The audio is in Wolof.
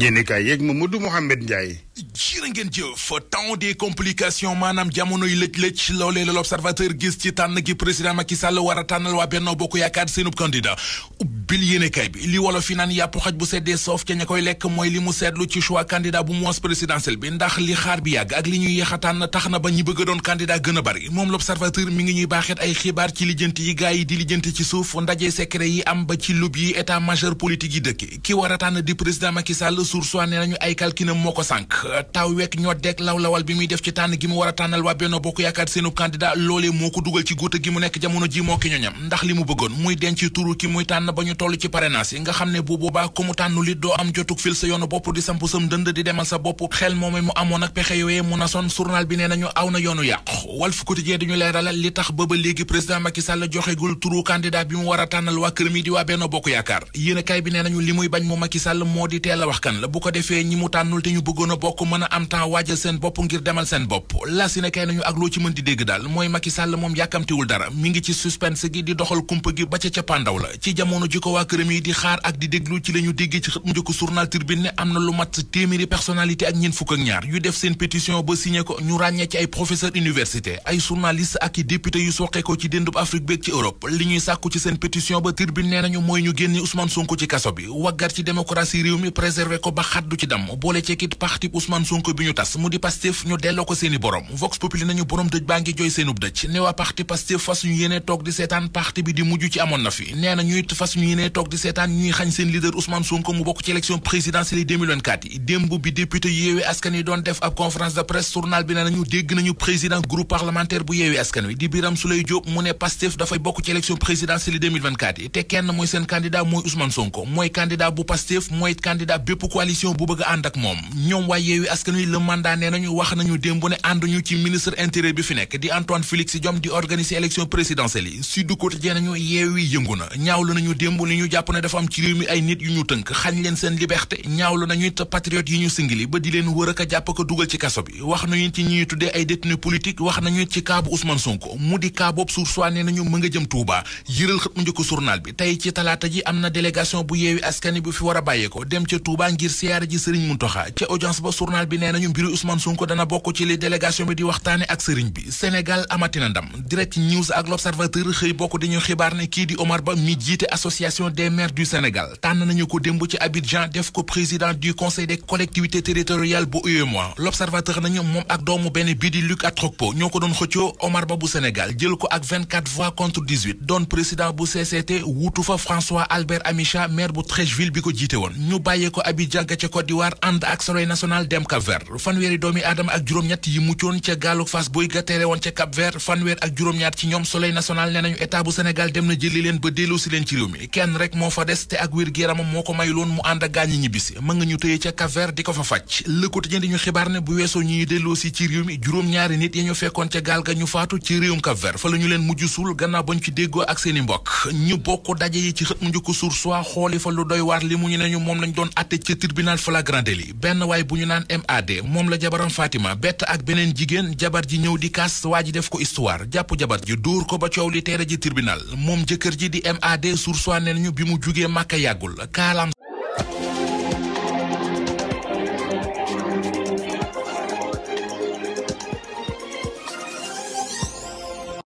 yéen kaay yeeg Mamadou Mouhamed Ndiaye jërë ngeen jëf temps des complications maanaam jamonoy lëj-lëj loolee la l'observateur gis ci tànn gi président Macky Sall war a tànnal waa Benno Bokk Yaakaar seenub candidat bil yéene kay bi li wolof yi naan yàpp xaj bu seddee soof ca ña koy lekk mooy li mu seetlu ci choix candidat bu moos présidentiel bi ndax li xaar bi yàgg ak li ñuy yaxataan tax na ba ñi bëgg a doon candidat gën a bari moom l'observateur ngi ñuy baaxeet ay xibaar ci lijjanti yi gaay yi di lijjanti ci suuf ndaje secret yi am ba ci yi état majeur politique yi dëkk ki war a tànn source ne nañu ay kalkinam moo ko sànk taw wekk ñoo lawlawal bi muy def ci tànn gi mu war a tànnal waa Benno Bokk Yaakaar seenu candidat loolee moo ko dugal ci góota gi mu nekk jamono ji moo ki ñoñam ndax li mu bëggoon muy denc turu ki muy tànn toll ci parrainage yi nga xam ne bu boobaa ku mu tànnu lit yoonu bopp di samp sam dënd di demal bopp xel moomee mu amoon ak pexe yooyee mu nasoon journal bi nee nañu aw na yoonu yàqu Walf Quotidien ba ba léegi président Macky Sall joxegul turu candidat bi mu war a tànnal waa kër Bokk Yaakaar yéenekaay bi nee nañu li muy bañ mu Macky Sall moo di teel a wax kan la bu ko defee ñi mu tànnul te ñu bëggoon a bokk mën a am temps waajal seen bopp ngir demal seen bopp las yi ne nañu ak loo ci mën di dégg daal mooy Macky Sall moom yàkkamtiwul dara mi ngi ci suspense gi di doxal kumpa gi ba ca cappaandaw la ci jamono ji ko waa këram yi di xaar ak di déglu ci la ñu ci xët mu njëkk journal am na lu mat téeméeri personnalité ak ñeent fukk ak ñaar yu def seen pétition ba signé ko ñu ràññee ci ay professeur université i député yu ko ba xaddu ci dam boole ceekit parti Ousmane Sonko bi ñu tas mu di Pastef ñu delloo ko seeni borom Vox Populi nañu borom dëj baa ngi jooy seenub dëj ne waa parti Pastef fas ñu yéene toog di seetaan parti bi di mujj ci amoon na fi nee na ñuy fas ñu yéene toog di seetaan ñuy xañ seen leader Ousmane Sonko mu bokk ci élection présidentielle 2024 yi démb bi député Yewwi Askan Wi doon def ab conférence de presse journal bi ne nañu dégg nañu coalition bu bëgg a ànd ak moom ñoom waaye yeewi askan wi le nee nañu wax nañu démb ne ànduñu ci ministre intérieur bi fi nekk di Antoine Félix Diome di organiser élection présidentielle yi Sud Quotidien nañu yeewi yëngu na ñaawlu nañu démb li ñu jàpp ne dafa am ci réew mi ay nit yu ñu tënk xañ leen seen liberté ñaawlu nañu it yi ñu singili ba di leen wër ak jàpp ko dugal ci kaso bi wax nañu ci ñuy tuddee ay détenu politique wax na ngir siyaare ji sëriñ Muntaxa ca audience ba journal bi nee nañu mbiru Ousmane Sonko dana bokk ci li délégation bi di waxtaane ak sëriñ bi Sénégal amatina direct news ak l'observateur xëy bokk di xibaar ne kii di Omar Ba mi jiite association des maires du Sénégal tànn nañu ko démb ci Abidjan def ko président du conseil des collectivités territoriales bu UEMOA l'observateur nañu moom ak doomu benn bii di Luc Atrokpo ñoo ko doon xëccoo Omar Ba jàgga ca Côte d'Ivoire ànd ak Soleil national dem Cap Vert fanweeri doomi aadama ak juróom-ñett yi muccoon ca gaalu fas boy ga ca Cap fanweer ak juróom-ñaar ci ñoom Soleil national nee nañu état bu Sénégal dem na jëli leen ba delloo leen ci lu mi kenn rek moo fa des te ak wér gi moo ko mayuloon mu ànd ak gaañi ñibbisi mën nga ñu tëye ca Cap di ko fa faj Le Quotidien di ñu xibaar ne bu weesoo ñuy delloo si ci réew mi juróom-ñaari nit ya ñu fekkoon ca gaal ga ñu faatu ci tribunal flagrant délit benn waay bu ñu naan MAD moom la jabaram Fatima bett ak beneen jigéen jabar ji ñëw di kaas waa ji def ko histoire jàpp jabar ji dóor ko ba coow li teere ji tribunal moom jëkkër ji di MAD sursoi neen ñu bi mu jugee màkka yàggul kaalaam